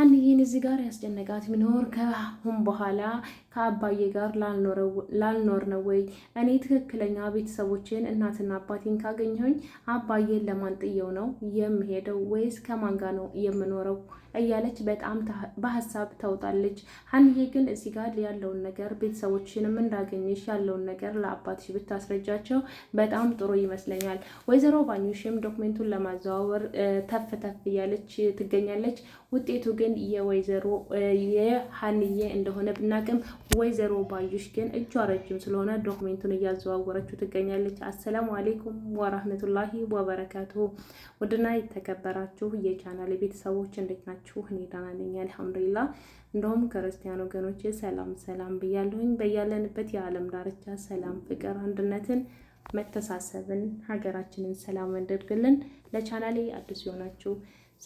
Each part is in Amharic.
ሀንዬን እዚህ ጋር ያስጨነቃት ሚኖር ከአሁን በኋላ ከአባዬ ጋር ላልኖር ነው ወይ? እኔ ትክክለኛ ቤተሰቦችን እናትና አባቴን ካገኘሁኝ አባዬን ለማን ጥየው ነው የምሄደው ወይስ ከማን ጋር ነው የምኖረው? እያለች በጣም በሀሳብ ታውጣለች። ሀንዬ ግን እዚህ ጋር ያለውን ነገር ቤተሰቦችንም እንዳገኘሽ ያለውን ነገር ለአባትሽ ብታስረጃቸው በጣም ጥሩ ይመስለኛል። ወይዘሮ ባኞሽም ዶክሜንቱን ለማዘዋወር ተፍ ተፍ እያለች ትገኛለች። ውጤቱ ግን የወይዘሮ የሀንዬ እንደሆነ ብናቅም ወይዘሮ ባዩሽ ግን እጇ ረጅም ስለሆነ ዶክሜንቱን እያዘዋወረችው ትገኛለች። አሰላሙ አሌይኩም ወራህመቱላሂ ወበረካቱሁ። ውድና የተከበራችሁ የቻናል ቤተሰቦች እንዴት ናቸው? ናችሁ? እኔ ደህና ነኝ አልሐምዱሊላ። እንደውም ክርስቲያን ወገኖች ሰላም ሰላም ብያለሁኝ። በያለንበት የዓለም ዳርቻ ሰላም፣ ፍቅር፣ አንድነትን፣ መተሳሰብን ሀገራችንን ሰላም እንድርግልን። ለቻናሌ አዲስ የሆናችሁ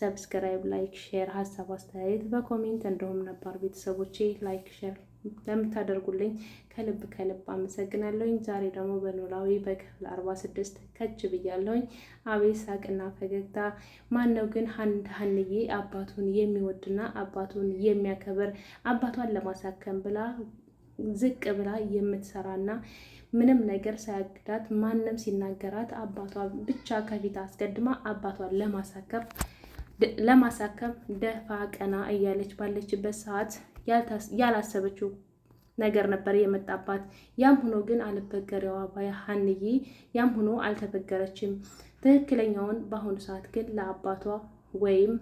ሰብስክራይብ፣ ላይክ፣ ሼር፣ ሀሳብ አስተያየት በኮሜንት እንደውም ነባር ቤተሰቦቼ ላይክ ሼር ለምታደርጉልኝ ከልብ ከልብ አመሰግናለሁኝ። ዛሬ ደግሞ በኖላዊ በክፍል ስድስት ከች ብያለሁኝ። አቤ ሳቅና ፈገግታ! ማነው ግን አንድ ሀንዬ አባቱን የሚወድና አባቱን የሚያከብር አባቷን ለማሳከም ብላ ዝቅ ብላ የምትሰራና ምንም ነገር ሳያግዳት ማንም ሲናገራት አባቷ ብቻ ከፊት አስቀድማ አባቷን ለማሳከም ለማሳከም ደፋ ቀና እያለች ባለችበት ሰዓት ያላሰበችው ነገር ነበር የመጣባት። ያም ሆኖ ግን አልበገሬዋ ባይ ሀንዬ ያም ሆኖ አልተበገረችም። ትክክለኛውን በአሁኑ ሰዓት ግን ለአባቷ ወይም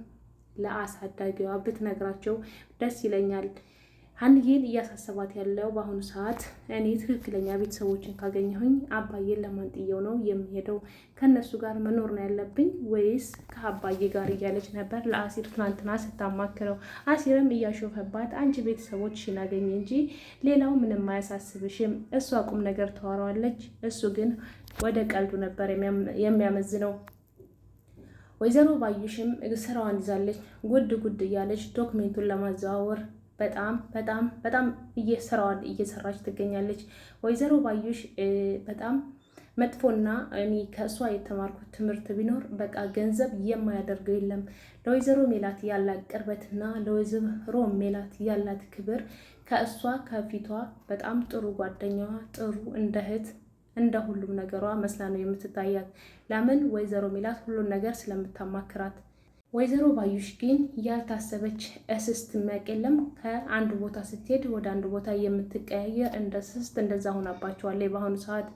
ለአሳዳጊዋ ብትነግራቸው ደስ ይለኛል። ሀንዬን እያሳሰባት ያለው በአሁኑ ሰዓት እኔ ትክክለኛ ቤተሰቦችን ካገኘሁኝ አባዬን ለማንጥየው ነው የሚሄደው፣ ከእነሱ ጋር መኖር ነው ያለብኝ ወይስ ከአባዬ ጋር እያለች ነበር ለአሲር ትናንትና ስታማክረው። አሲርም እያሾፈባት አንቺ ቤተሰቦችሽን አገኝ እንጂ ሌላው ምንም አያሳስብሽም። እሷ ቁም ነገር ተዋረዋለች፣ እሱ ግን ወደ ቀልዱ ነበር የሚያመዝነው። ወይዘሮ ባዩሽም ስራዋን ይዛለች። ጉድ ጉድ እያለች ዶክሜንቱን ለማዘዋወር በጣም በጣም በጣም እየሰራዋል እየሰራች ትገኛለች። ወይዘሮ ባዩሽ በጣም መጥፎና እኔ ከእሷ የተማርኩት ትምህርት ቢኖር በቃ ገንዘብ የማያደርገው የለም። ለወይዘሮ ሜላት ያላት ቅርበትና ለወይዘሮ ሜላት ያላት ክብር ከእሷ ከፊቷ በጣም ጥሩ ጓደኛዋ ጥሩ እንደ እህት እንደ ሁሉም ነገሯ መስላ ነው የምትታያት። ለምን ወይዘሮ ሜላት ሁሉን ነገር ስለምታማክራት ወይዘሮ ባዩሽ ግን ያልታሰበች እስስት የሚያቀለም ከአንድ ቦታ ስትሄድ ወደ አንድ ቦታ የምትቀያየር እንደ ስስት እንደዛ ሆናባቸዋለች። በአሁኑ ሰዓት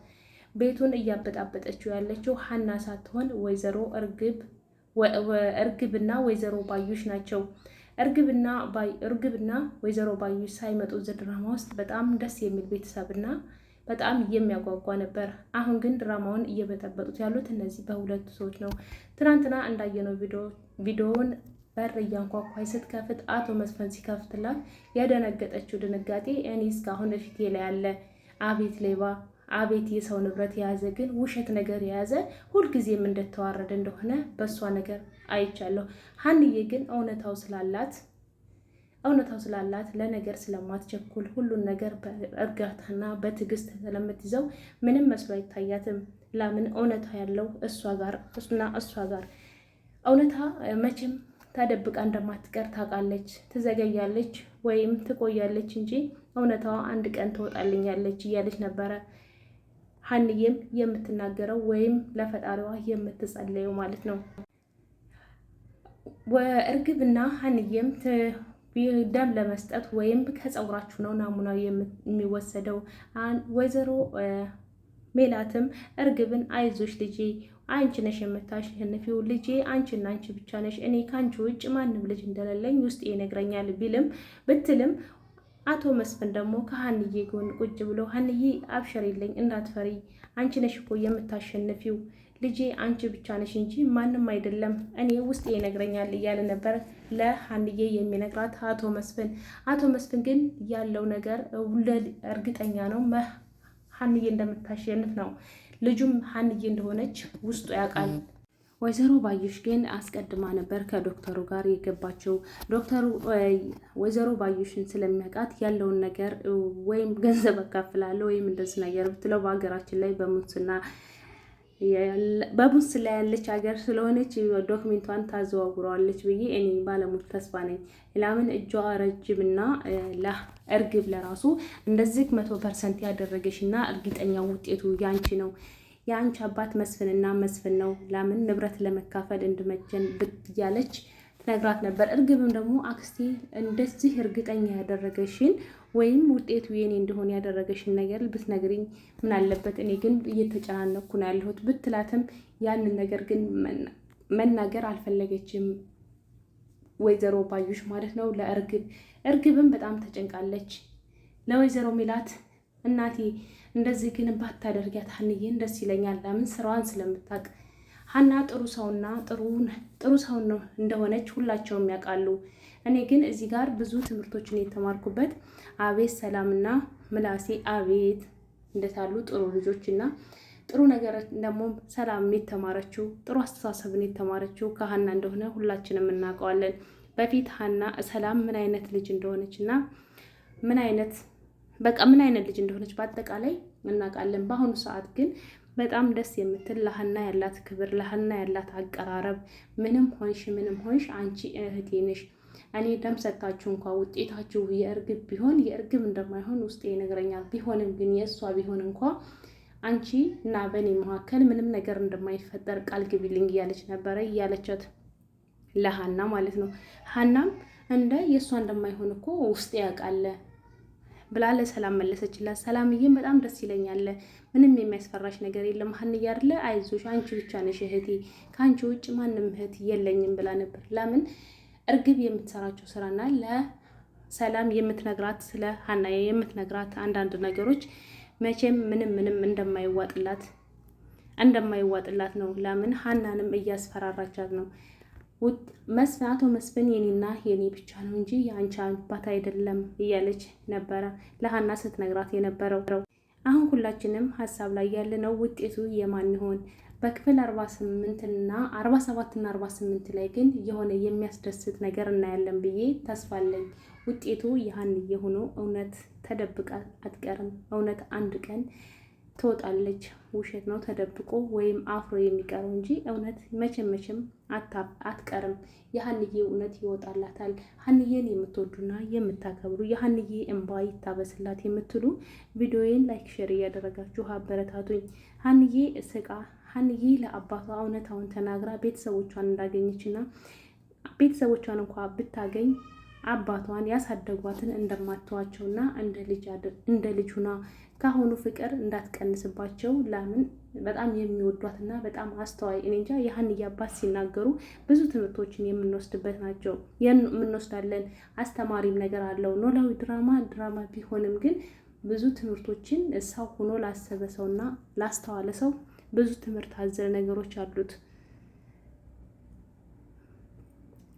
ቤቱን እያበጣበጠችው ያለችው ሀና ሳትሆን ወይዘሮ እርግብ እርግብና ወይዘሮ ባዩሽ ናቸው። እርግብና ወይዘሮ ባዩሽ ሳይመጡ ዝድራማ ውስጥ በጣም ደስ የሚል ቤተሰብና በጣም የሚያጓጓ ነበር። አሁን ግን ድራማውን እየበጠበጡት ያሉት እነዚህ በሁለቱ ሰዎች ነው። ትናንትና እንዳየነው ቪዲዮውን በር እያንኳኳይ ስትከፍት አቶ መስፈን ሲከፍትላት ያደነገጠችው ድንጋጤ እኔ እስካሁን እፊቴ ላይ ያለ አቤት ሌባ አቤት የሰው ንብረት የያዘ ግን ውሸት ነገር የያዘ ሁልጊዜም እንደተዋረደ እንደሆነ በእሷ ነገር አይቻለሁ። ሀንዬ ግን እውነታው ስላላት እውነታው ስላላት ለነገር ስለማትቸኩል ሁሉን ነገር በእርጋታና በትዕግስት ስለምትይዘው ምንም መስሎ አይታያትም። ላምን እውነታ ያለው እሷ ጋር እና እሷ ጋር እውነታ መቼም ተደብቃ እንደማትቀር ታውቃለች። ትዘገያለች ወይም ትቆያለች እንጂ እውነታዋ አንድ ቀን ትወጣልኛለች እያለች ነበረ ሀንዬም የምትናገረው ወይም ለፈጣሪዋ የምትጸለየው ማለት ነው። እርግብና ሀንዬም ደም ለመስጠት ወይም ከፀጉራችሁ ነው ናሙናው የሚወሰደው። ወይዘሮ ሜላትም እርግብን አይዞሽ ልጄ አንቺ ነሽ የምታሸንፊው ልጄ፣ አንቺና አንቺ ብቻ ነሽ። እኔ ከአንቺ ውጭ ማንም ልጅ እንደሌለኝ ውስጤ ይነግረኛል ቢልም ብትልም አቶ መስፍን ደግሞ ከሀንዬ ጎን ቁጭ ብሎ ሀንዬ አብሸሪልኝ፣ እንዳትፈሪ አንቺ ነሽ እኮ የምታሸንፊው ልጄ አንቺ ብቻ ነሽ እንጂ ማንም አይደለም፣ እኔ ውስጤ ይነግረኛል እያለ ነበር ለሀንዬ የሚነግራት አቶ መስፍን። አቶ መስፍን ግን ያለው ነገር እርግጠኛ ነው ሀንዬ እንደምታሸንፍ ነው። ልጁም ሀንዬ እንደሆነች ውስጡ ያውቃል። ወይዘሮ ባዩሽ ግን አስቀድማ ነበር ከዶክተሩ ጋር የገባችው። ዶክተሩ ወይዘሮ ባዩሽን ስለሚያውቃት ያለውን ነገር ወይም ገንዘብ አካፍላለሁ ወይም እንደዚህ ነገር ብትለው በሀገራችን ላይ በሙስና ላይ ያለች ሀገር ስለሆነች ዶክሜንቷን ታዘዋውረዋለች ብዬ እኔ ባለሙሉ ተስፋ ነኝ። ላምን እጇ ረጅምና እርግብ ለራሱ እንደዚህ መቶ ፐርሰንት ያደረገሽ እና እርግጠኛ ውጤቱ ያንቺ ነው የአንቺ አባት መስፍንና መስፍን ነው ለምን ንብረት ለመካፈል እንድመቸን ብት እያለች ትነግራት ነበር። እርግብም ደግሞ አክስቴ እንደዚህ እርግጠኛ ያደረገሽን ወይም ውጤቱ የኔ እንደሆነ ያደረገሽን ነገር ብትነግሪኝ ምን አለበት፣ እኔ ግን እየተጨናነኩ ነው ያለሁት ብትላትም ያንን ነገር ግን መናገር አልፈለገችም። ወይዘሮ ባዩሽ ማለት ነው ለእርግብ። እርግብም በጣም ተጨንቃለች። ለወይዘሮ ሚላት እናቴ እንደዚህ ግን ባታደርጊያት ሀንዬን ደስ ይለኛል። ለምን ስራዋን ስለምታውቅ ሀና ጥሩ ሰውና ጥሩ ሰው እንደሆነች ሁላቸውም ያውቃሉ። እኔ ግን እዚህ ጋር ብዙ ትምህርቶችን የተማርኩበት አቤት ሰላምና ምላሴ አቤት እንደታሉ ጥሩ ልጆችና ጥሩ ነገር ደግሞ ሰላም የተማረችው ጥሩ አስተሳሰብን የተማረችው ከሀና እንደሆነ ሁላችንም እናውቀዋለን። በፊት ሀና ሰላም ምን አይነት ልጅ እንደሆነች እና ምን አይነት በቃ ምን አይነት ልጅ እንደሆነች በአጠቃላይ እናውቃለን። በአሁኑ ሰዓት ግን በጣም ደስ የምትል ለሀና ያላት ክብር፣ ለሀና ያላት አቀራረብ ምንም ሆንሽ ምንም ሆንሽ አንቺ እህቴ ነሽ እኔ ደም ሰጥታችሁ እንኳ ውጤታችሁ የእርግብ ቢሆን የእርግብ እንደማይሆን ውስጤ ይነግረኛል። ቢሆንም ግን የእሷ ቢሆን እንኳ አንቺ እና በእኔ መካከል ምንም ነገር እንደማይፈጠር ቃል ግቢልኝ እያለች ነበረ እያለቻት ለሀና ማለት ነው። ሀናም እንደ የእሷ እንደማይሆን እኮ ውስጤ ያውቃል ብላ ለሰላም መለሰችላት። ሰላምዬም በጣም ደስ ይለኛል፣ ምንም የሚያስፈራሽ ነገር የለም ሀንዬ አይደለ፣ አይዞሽ፣ አንቺ ብቻ ነሽ እህቴ፣ ከአንቺ ውጭ ማንም እህት የለኝም ብላ ነበር። ለምን እርግብ የምትሰራቸው ስራና ለሰላም የምትነግራት ስለ ሀና የምትነግራት አንዳንድ ነገሮች መቼም ምንም ምንም እንደማይዋጥላት እንደማይዋጥላት ነው። ለምን ሀናንም እያስፈራራቻት ነው ውድ መስፍን አቶ መስፍን የኔና የኔ ብቻ ነው እንጂ የአንቺ አባት አይደለም እያለች ነበረ ለሀና ስትነግራት የነበረው። አሁን ሁላችንም ሀሳብ ላይ ያለነው ውጤቱ የማን ይሆን? በክፍል 48 እና 47 እና 48 ላይ ግን የሆነ የሚያስደስት ነገር እናያለን ብዬ ተስፋ አለኝ። ውጤቱ የሀንዬ ሆኖ እውነት ተደብቃ አትቀርም። እውነት አንድ ቀን ትወጣለች። ውሸት ነው ተደብቆ ወይም አፍሮ የሚቀረው እንጂ እውነት መቼም መቼም አትቀርም። የሀንዬ እውነት ይወጣላታል። ሀንዬን የምትወዱና የምታከብሩ የሀንዬ እንባ ይታበስላት የምትሉ ቪዲዮዬን ላይክ፣ ሼር እያደረጋችሁ አበረታቱኝ። ሀንዬ ስቃ ሀንዬ ለአባቷ እውነታውን ተናግራ ቤተሰቦቿን እንዳገኘችና ቤተሰቦቿን እንኳ ብታገኝ አባቷን ያሳደጓትን እንደማትተዋቸውና እንደ ልጅ ሁና ፍቅር እንዳትቀንስባቸው ለምን በጣም የሚወዷትና በጣም አስተዋይ እኔ እንጃ የሀንዬ አባት ሲናገሩ ብዙ ትምህርቶችን የምንወስድበት ናቸው የምንወስዳለን። አስተማሪም ነገር አለው። ኖላዊ ድራማ ድራማ ቢሆንም ግን ብዙ ትምህርቶችን ሰው ሆኖ ላሰበ ሰውና ላስተዋለ ሰው ብዙ ትምህርት አዘል ነገሮች አሉት።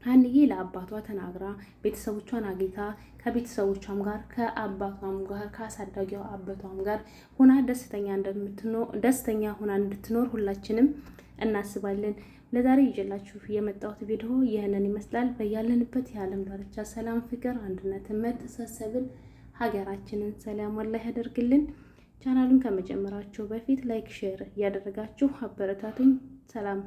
ሀንዬ ለአባቷ ተናግራ ቤተሰቦቿን አግኝታ ከቤተሰቦቿም ጋር ከአባቷም ጋር ከአሳዳጊዋ አባቷም ጋር ሆና ደስተኛ እንደምትኖር ደስተኛ ሆና እንድትኖር ሁላችንም እናስባለን። ለዛሬ ይዤላችሁ የመጣሁት ቪዲዮ ይህንን ይመስላል። በያለንበት የዓለም ዳርቻ ሰላም፣ ፍቅር፣ አንድነት፣ መተሳሰብን ሀገራችንን ሰላም ላይ ያደርግልን። ቻናሉን ከመጀመራችሁ በፊት ላይክ፣ ሼር እያደረጋችሁ አበረታቱኝ። ሰላም